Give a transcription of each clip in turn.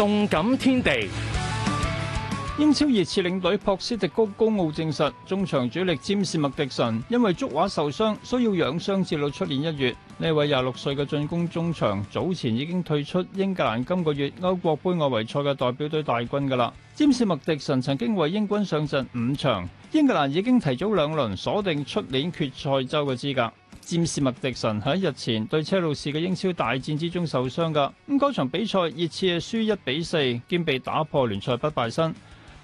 動感天地。英超熱刺領隊樸斯迪哥高奧證實，中場主力占士麥迪臣因為足踝受傷，需要養傷，至到出年一月。呢位廿六歲嘅進攻中場，早前已經退出英格蘭今個月歐國杯外圍賽嘅代表隊大軍㗎喇。占士麥迪臣曾經為英軍上陣五場，英格蘭已經提早兩輪鎖定出年決賽周嘅資格。詹士麥迪臣喺日前對車路士嘅英超大戰之中受傷噶，咁嗰場比賽，熱刺係輸一比四，兼被打破聯賽不敗身。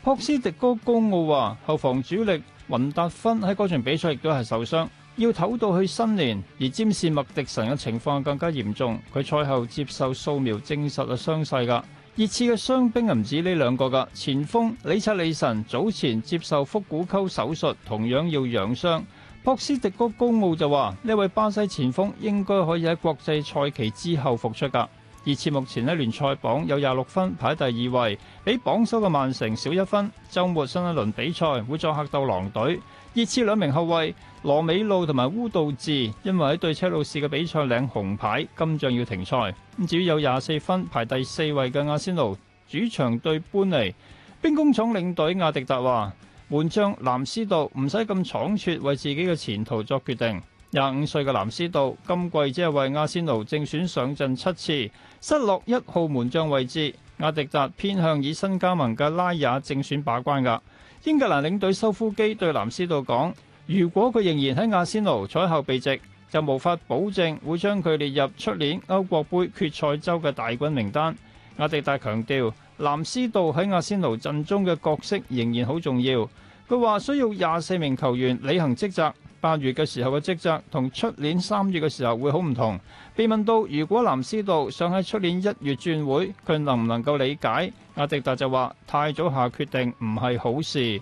樸斯迪哥高奧話，後防主力雲達芬喺嗰場比賽亦都係受傷，要唞到去新年。而詹士麥迪臣嘅情況更加嚴重，佢賽後接受掃描證，證實係傷勢噶。熱刺嘅傷兵唔止呢兩個噶，前鋒李察利臣早前接受腹股溝手術，同樣要養傷。樸斯迪哥高奧就話：呢位巴西前鋒應該可以喺國際賽期之後復出噶。熱刺目前喺聯賽榜有廿六分，排第二位，比榜首嘅曼城少一分。周末新一輪比賽會作客鬥狼隊。熱刺兩名後衛羅美路同埋烏道志，因為喺對車路士嘅比賽領紅牌，今仗要停賽。咁至於有廿四分排第四位嘅阿仙奴，主場對般尼，兵工廠領隊阿迪達話。門將藍斯道唔使咁倉促，為自己嘅前途作決定。廿五歲嘅藍斯道今季只係為阿仙奴正選上陣七次，失落一號門將位置。阿迪達偏向以新加盟嘅拉雅正選把關嘅。英格蘭領隊修夫基對藍斯道講：如果佢仍然喺阿仙奴採後備席，就無法保證會將佢列入出年歐國杯決賽周嘅大軍名單。阿迪達強調，藍斯道喺亞仙奴陣中嘅角色仍然好重要。佢話需要廿四名球員履行職責，八月嘅時候嘅職責同出年三月嘅時候會好唔同。被問到如果藍斯道想喺出年一月轉會，佢能唔能夠理解？阿迪達就話太早下決定唔係好事。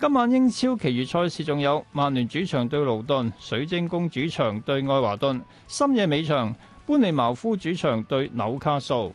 今晚英超其餘賽事仲有曼聯主場對盧頓、水晶宮主場對愛華頓、深夜尾場、班尼茅夫主場對紐卡素。